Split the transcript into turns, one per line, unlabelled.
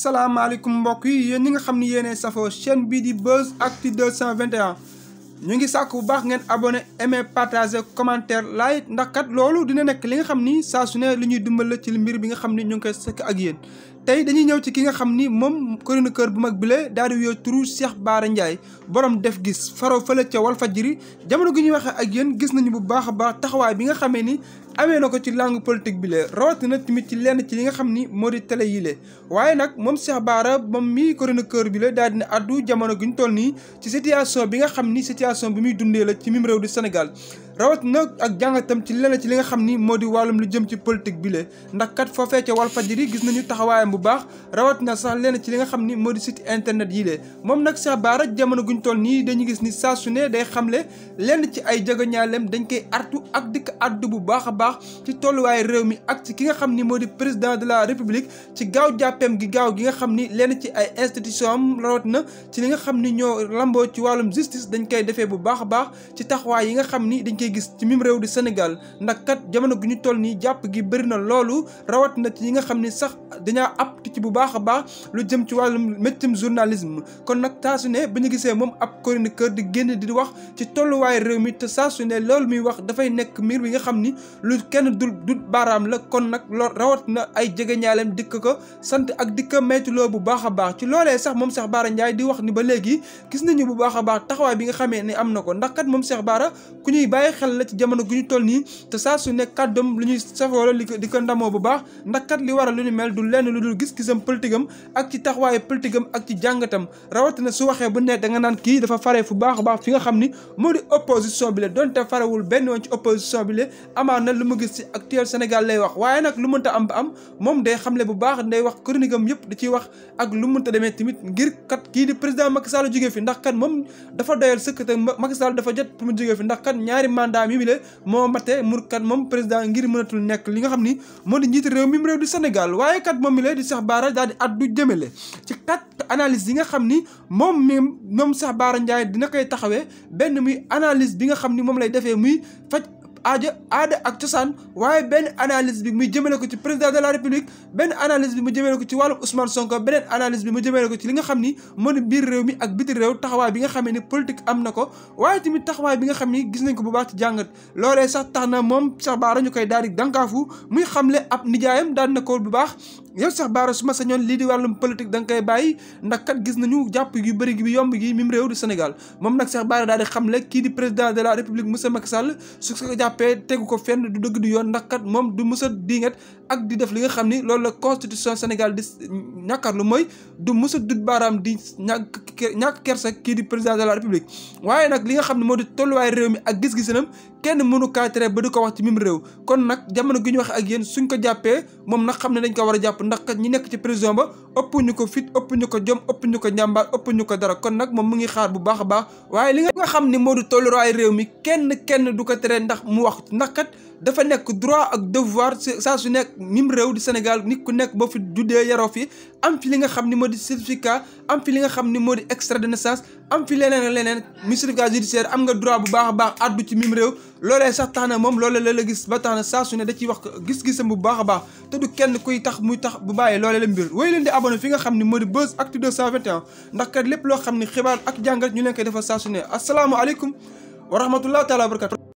salaamaaleykum mbokk yi yéen ñi nga xam ni yéenee safoo chaîne bii di Buzz Actu 221 ñu ngi sàkk bu baax ngeen abone aimé partager commentaire like ndax kat loolu dina nekk li nga xam ni saa su ne li ñuy dimbali ci li mbir bi nga xam ni ñu ngi koy sekk ak yéen tey dañuy ñëw ci ki nga xam ni moom kër bu mag bile daal di wuyoo turu Cheikh Bara Ndiaye borom def gis faro fële ca Walfadjri jamono gi ñuy waxee ak yéen gis nañu bu baax a baax taxawaay bi nga xamee ni amee na ko ci langue politique bi la rawatina tamit ci lenn ci li nga xam ni moo di télé yi waaye nag moom Cheikh baara moom mi chroniqueur bi la daal di ne addu jamono gi ñu toll nii ci situation bi nga xam ni situation bi muy dundee la ci mim réew Sénégal rawat na ak jàngatam ci leneen ci li nga xam ni moo di wàllum lu jëm ci politique bi la ndax kat foofee ca Walfadjri gis nañu taxawaayam bu baax rawat na sax leneen ci li nga xam ni moo di site internet yi la moom nag Cheikh Bara jamono guñ toll nii dañu gis ni saa su ne day xam ne lenn ci ay jegeñaaleem dañ koy artu ak dikk addu bu baax a baax ci tolluwaay réew mi ak ci ki nga xam ni moo di président de la république ci gaaw jàppeem gi gaaw gi nga xam ni lenn ci ay institution am rawat na ci li nga xam ni ñoo lamboo ci wàllum justice dañ koy defee bu baax a baax ci taxawaay ngay gis ci mim réew di Sénégal ndax kat jamono gu ñu toll nii jàpp gi bari na loolu rawat na ci ñi nga xam ni sax dañaa apti ci bu baax a baax lu jëm ci wàllum méccum journalisme kon nag taasu ne bu ñu gisee moom ab kër di génn di wax ci tolluwaay réew mi te saa su ne loolu muy wax dafay nekk miir bi nga xam ni lu kenn dul du baaraam la kon nag lool rawat na ay jege jegeñaaleem dikk ko sant ak dikk mettuloo bu baax a baax ci loolee sax moom Cheikh Bara njaay di ni ba léegi gis nañu bu baax a baax taxawaay bi nga xamee ne am na ko ndax kat xel la ci jamono gu ñu toll nii te saa su nekk kàddoom lu ñuy safoola li di ko ndamoo bu baax ndax kat li waral lu ñu mel du lenn lu dul gis-gisam politique am ak ci taxawaayu politique am ak ci jàngatam rawatina su waxee bu ne da nga naan kii dafa fare fu baax a baax fi nga xam ni moo di opposition bi la donte farewul benn yoon ci opposition bi la amaan na lu mu gis ci actuel Sénégal lay wax waaye nag lu mënta am ba am moom day xamle bu baax day wax chronique yëpp da ciy wax ak lu mënta demee tamit ngir kat kii di président Macky Sall jógee fi ndax kat moom dafa doyal sëkk te Macky dafa jot pour mu jógee fi ndax kat ñaari mandat mi le moo mate mur kat moom président ngir mënatul nekk li nga xam ni moo di njiit réew mi réew di Sénégal waaye kat moom mi le di Cheikh Bara daal di addu jëmale ci kat analyse yi nga xam ni moom mi moom Cheikh Bara Ndiaye dina koy taxawee benn muy analise bi nga xam ni moom lay defee muy faj aaja aada ak cosaan waaye benn analyse bi muy jëmale ko ci président de la république benn analyse bi mu jëmale ko ci wàllum Ousmane Sonko beneen analyse bi mu jëmale ko ci li nga xam ni moo di biir réew mi ak biti réew taxawaay bi nga xamee ne politique am na ko waaye tamit taxawaay bi nga xam ni gis nañ ko bu baax ci jàngat loolee sax tax na moom Cheikh Bara ñu koy daal di dànkaafu muy xamle ab nijaayam daal na ko bu baax yow Cheikh Bara su ma sañoon lii di wàllum politique da nga koy bàyyi ndax kat gis nañu jàpp gi bëri gi bi yomb gi mim réew du Sénégal moom nag Cheikh Bara daal di xamle kii di président de la république Moussa Macky Sall su ko jàppee tegu ko fenn du dëgg du yoon ndax kat moom du Moussa dingat ak di def li nga xam ni loolu la constitution Sénégal di lu mooy du Moussa dut baaraam di ñàkk ñàkk kersa kii di président de la république waaye nag li nga xam ne moo di tolluwaay réew mi ak gis-gisinam kenn mënu kaa ba di ko wax ci mim réew kon nag jamono gi ñu wax ak yéen suñ ko jàppee moom nag xam ne dañ ko war a jàpp ndax kat ñi nekk ci prison ba ëpp ñu ko fit ëpp ñu ko jom ëpp ñu ko njàmbaar ëpp ñu ko dara kon nag moom mu ngi xaar bu baax a baax waaye li nga xam ni moo di tolluwaay réew mi kenn kenn du ko tere ndax mu wax ndax kat dafa nekk droit ak devoir saa su nekk mim réew di Sénégal nit ku nekk boo fi juddee yaroo fi am fi li nga xam ni moo di certificat am fi li nga xam ni moo di extrait de naissance am fi leneen ak leneen mi certificat judiciaire am nga droit bu baax baax addu ci mim réew loolee sax tax na moom loolee la la gis ba tax na saa su ne da ciy wax gis-gisam bu baax a baax te du kenn kuy tax muy tax bu bàyyee loolee la mbir wéy leen di abonné fi nga xam ni moo di Buzz Actu 221 ndax kat lépp loo xam ni xibaar ak jàngat ñu leen koy defal saa asalaamaaleykum wa rahmatullah taala wa